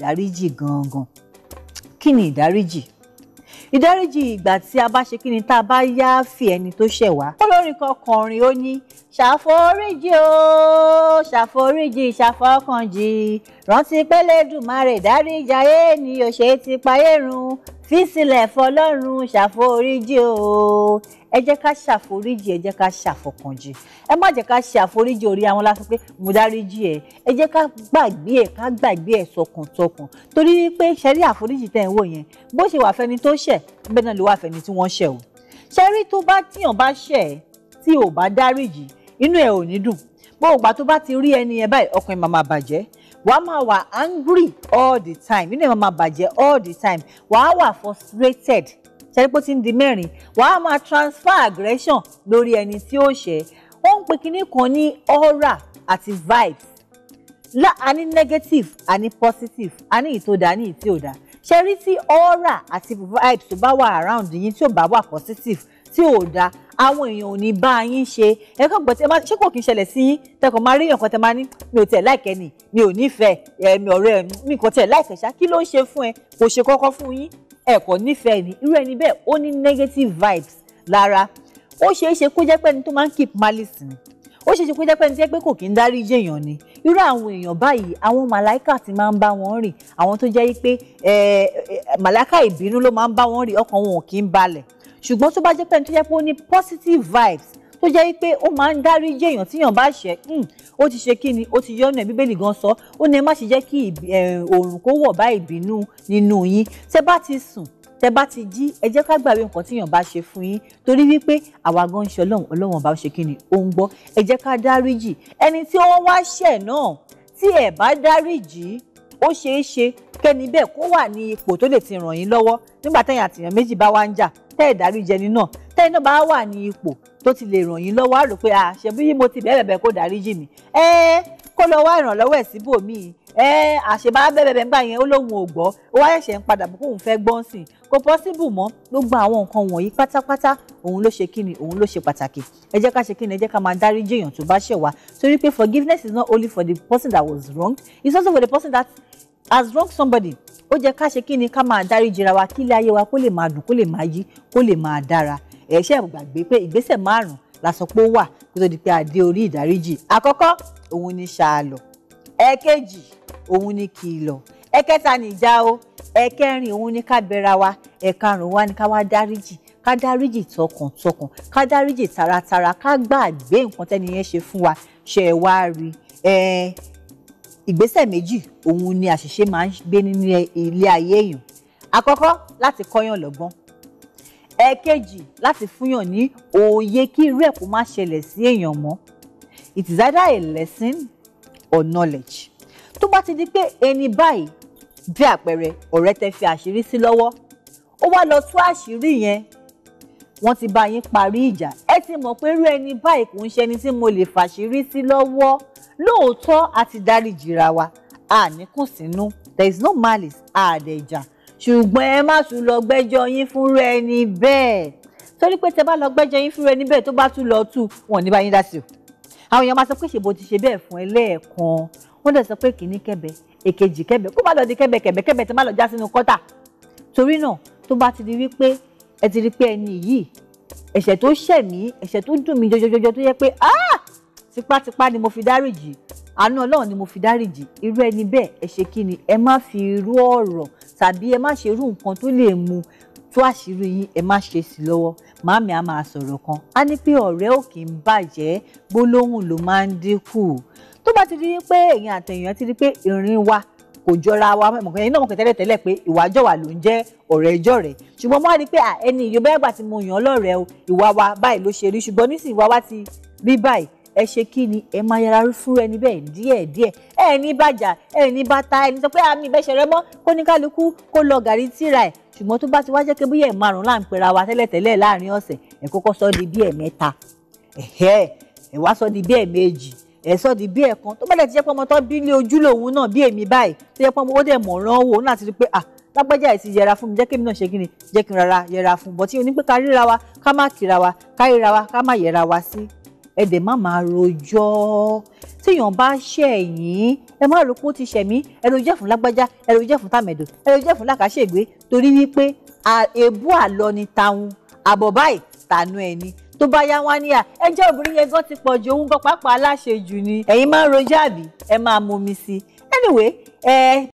ìdáríjì gangan kí ni ìdáríjì ìdáríjì ìgbà tí a bá ṣe kí ni tá a bá yááfì ẹni tó ṣẹ̀ wá. olórin kan kọrin ó ní ṣàforíjì o ṣàforíjì ṣàfọkànjì rántí pé Elédùmarè dáríjì ayé ni òṣè ti payé run fi sílẹ̀ fọlọ́run ṣàforíjì o ẹ jẹ́ ká ṣàforíjì ẹ jẹ́ ká ṣàfọkànjì ẹ má jẹ́ ká ṣe àforíjì orí àwọn lásán pé mo dáríjì ẹ ẹ jẹ́ ká gbàgbé ẹ ká gbàgbé ẹ sọkàntọkàn torí pé ṣẹ́rí àforíjì tẹ̀ ń wò yẹn bó ṣe wà fẹ́ni tó ṣẹ̀ bẹ́ẹ̀ náà ló wà fẹ́ni tí wọ́n ṣẹ̀ o ṣẹ́rí tó bá tíyàn bá ṣẹ̀ tí ò bá dáríjì inú ẹ ò ní dùn gbogbo ìgbà tó bá ti rí ẹni yẹn báyìí ọkàn ẹ bàjẹ́ wà á máa wà angry all the time nínú ẹ̀ máa máa bàjẹ́ all the time wà á wà frustrated ṣẹ́rípò tí ń di mẹ́rin wà á máa transfer aggression lórí ẹni tí ó ṣẹ̀ wọ́n ń pe kinní kan ní aura àti vibes la a ní negative a ní positive a ní ìtòdà a ní ìtòdà ṣẹ́rí tí aura àti vibes tó bá wà around yín tí ò bá wà positive tí ò dáa àwọn èèyàn ò ní bá yín ṣe ẹ kàn gbọ́ tí ẹ máa ṣé kò kí n ṣẹlẹ̀ sí yín tẹkàn máa rí èèyàn kan tẹ máa ní mi ò tẹ̀ láìkẹ́ ni mi ò nífẹ̀ẹ́ ẹ̀mí ọ̀rẹ́ mi kò tẹ̀ láìkẹ́ ṣá kí ló ń ṣe fún ẹ kò ṣe kọ́kọ́ fún yín ẹ kò nífẹ̀ẹ́ ni irú ẹni bẹ́ẹ̀ ó ní negative vibes lára ó ṣeé ṣe kó jẹ́ pé tó máa ń keep malice ni ó ṣeé ṣe kó jẹ́ pé ẹni tó jẹ́ pé kò kí ń dárí jèèyàn ni irú àwọn èèyàn báyìí àwọn màláìkà ti máa ń bá wọn rìn àwọn tó jẹ́ pé màláìkà ìbínú ló máa ń bá wọn rìn ọkàn wọn ò kí ń balẹ̀ ṣùgbọ́n tó bá jẹ́ pẹ́ni tó jẹ́ pé ó ní positive vibes tó jẹ́ pé ó máa ń dáríjì èèyàn tíyàn bá ṣẹ̀ hmm, ó ti ṣe kíni ó ti yọ́nà bíbélì gan sọ ó ní ẹ má ṣe jẹ́ kí oòrùn kó wọ̀ bá ìbínú nínú yín tẹ́ bá ti sùn tẹ́ bá ti jí ẹ jẹ́ ká gbàgbé nǹkan tíyàn bá ṣe fún yín torí wípé àwa gan ṣe ọlọ́run ọlọ́run ọba ṣe kíni ó ń gbọ́ ẹ jẹ́ ká dáríjì ẹni tí wọ́n wá ṣẹ̀ náà tí ẹ bá dáríjì ó ṣeé ṣe kẹ́ni bẹ́ẹ̀ kó wà ní ipò tó lè ti ràn yín lọ́wọ́ nígbà tẹ̀yìn àtìyàn méjì bá wá ń jà tẹ́ ìdárí jẹni náà tẹ́yìn náà bá wà ní ipò tó ti lè ràn yín lọ́wọ́ á rò pé à ṣe bí mo ti bẹ́ẹ̀ bẹ́ẹ̀ kó dárí jì mí ẹ kó lọ wá ìrànlọ́wọ́ ẹ̀ síbòmíì ẹ àṣebá bẹ́ẹ̀ bẹ́ẹ̀ gbà yẹn ó lóun ò gbọ́ ó wá ṣẹ̀ṣẹ̀ ń padà bó kóun fẹ́ gbọ́n sìn kò pọ́síbù mọ́ gbogbo àwọn nǹkan wọ̀nyí pátápátá òun ló ṣe kíni òun ló ṣe pàtàkì ẹ jẹ́ ká ṣe kíni ẹ jẹ́ ká máa dárí jì tó bá ṣẹ̀ wá torí pé forgiveness is not only for the person that was wronged it's also for the person that As wrong somebody ó jẹ́ ká ṣe kí ni ká máa dárí jìra wa kílé ayé wa kó lè máa dùn kó lè máa yí kó lè máa dára ẹ ṣe gbàgbé pé ìgbésẹ̀ márùn-ún la sọ pé ó wà kó tó di pé a orí ìdáríjì àkọ́kọ́ òun ni ṣàlọ̀ ẹ̀ẹ̀kejì òun ni kìlọ̀ ẹ̀kẹta ni ìjà o ẹ̀kẹrin òun ni ká bẹra wa ẹ̀karùn-ún wa ni ká wá dáríjì ká dáríjì tọkàntọkàn ká dáríjì taratara ká gbàgbé nǹkan tẹ́ni yẹn ṣe fún wa ṣe wá rí ẹ ìgbésẹ̀ méjì òun ni àṣìṣe máa ń gbé nínú ilé ayé èèyàn àkọ́kọ́ láti kọ́yàn lọ́gbọ́n ẹ̀ẹ̀kejì láti fúnyàn ní òye kí irú ẹ̀ má ṣẹlẹ̀ sí èèyàn mọ́ it is either a lesson or knowledge tó bá ti di pé ẹni báyìí bí àpẹẹrẹ ọ̀rẹ́ tẹ fi àṣírí sí lọ́wọ́ ó wá lọ tú àṣírí yẹn wọ́n ti bá yín parí ìjà ẹ ti mọ̀ pé irú ẹni báyìí kò ń ṣe ẹni tí mo lè fàṣírí sí lọ́wọ́ lóòótọ́ a ti dáríjìra wa a ní kùn sínú there is no malice a dẹ̀ jà ṣùgbọ́n ẹ má tún lọ gbẹ́jọ́ yín fúnra ẹni bẹ́ẹ̀ torí pé tẹ bá lọ gbẹ́jọ́ yín fúnra ẹni bẹ́ẹ̀ tó bá tún lọ tú wọn ní bá yín dá sí o àwọn èèyàn máa sọ pé ṣèbò ti ṣe bẹ́ẹ̀ fún ẹ lẹ́ẹ̀kan wọ́n dẹ̀ sọ pé kìíní kẹ̀bẹ̀ èkejì kẹ̀bẹ̀ kó má lọ di kẹ̀bẹ̀ kẹ̀bẹ̀ kẹ̀bẹ̀ tẹ má lọ já sínú kọ́tà torí náà tó bá ti di wípé ẹ ti rí pé ẹni yìí ẹ̀ṣẹ̀ tó ṣẹ̀ mí ẹ̀ṣẹ̀ tó dùn mí jọjọjọjọ tó yẹ pé ah tipátipá ni mo fi dáríjì àánú ọlọ́run ni mo fi dáríjì irú ẹni bẹ́ẹ̀ ẹ ṣe kí ni ẹ má fi irú ọ̀rọ̀ tàbí ẹ má ṣe irú nǹkan tó lè mú tú àṣírí yín ẹ má ṣe sí lọ́wọ́ màámi á máa sọ̀rọ̀ kan á ní pé ọ̀rẹ́ ò kì bàjẹ́ gbólóhùn ló máa ń dínkù tó bá ti di pé èèyàn àtẹ̀yàn ti di pé ìrìn wa kò jọra wa mọ̀kàn yín náà mọ̀kàn tẹ́lẹ̀ tẹ́lẹ̀ pé ìwà jọ̀wà ló ń jẹ́ ọ̀rẹ́ jọ̀rẹ́ ṣùgbọ́n mo wá rí pé ẹni ìyóbá ẹgbà mo yàn lọ́rẹ̀ẹ́ o ìwà wa báyìí ló ṣe rí ṣùgbọ́n nísìnyí ìwà wa ti rí báyìí ẹ ṣe kí ni ẹ máa yára rí fúnra ẹni bẹ́ẹ̀ díẹ̀ díẹ̀ ẹ ní bàjá ẹ ní bàtà ẹni sọ pé àmì ìbẹ́sẹ̀ rẹ mọ́ kó ní kálukú kó lọ gàrí tíra ẹ̀ ṣùgbọ́n tó bá ti wá jẹ́ pé bóyá ẹ̀ márùn-ún là ń pera wa tẹ́lẹ̀tẹ́lẹ̀ láàrin ọ̀sẹ̀ ẹ̀ kọ́kọ́ sọ di bí ẹ̀ mẹ́ta ẹ̀hẹ́ ẹ̀ wá sọ di bí ẹ̀ méjì ẹ̀ sọ di bí ẹ̀ kan tó bẹ̀rẹ̀ ti jẹ́ pé ọmọ tó bí ní ojú lòun náà bí èmi báyìí tó jẹ́ pé ọmọ ó dẹ̀ mọ̀ràn wò ó náà ti rí ẹ dẹ̀ má máa rojọ́ téèyàn bá ṣẹ̀ yín ẹ má rò pé ti ṣẹ̀ mí ẹ rojọ́ fún lágbájá ẹ rojọ́ fún tàmẹ̀dò ẹ rojọ́ fún làkàṣègbè torí wípé èébú àlọ ni tàun àbọ̀ báyìí tànú ni. tó bá yá wá níyà ẹjọ́ obìnrin yẹn gan ti pọ̀ ju òun gan pàápàá aláṣejù ni ẹ̀yin máa rojọ́ àbí ẹ máa momi sí i anyway ẹ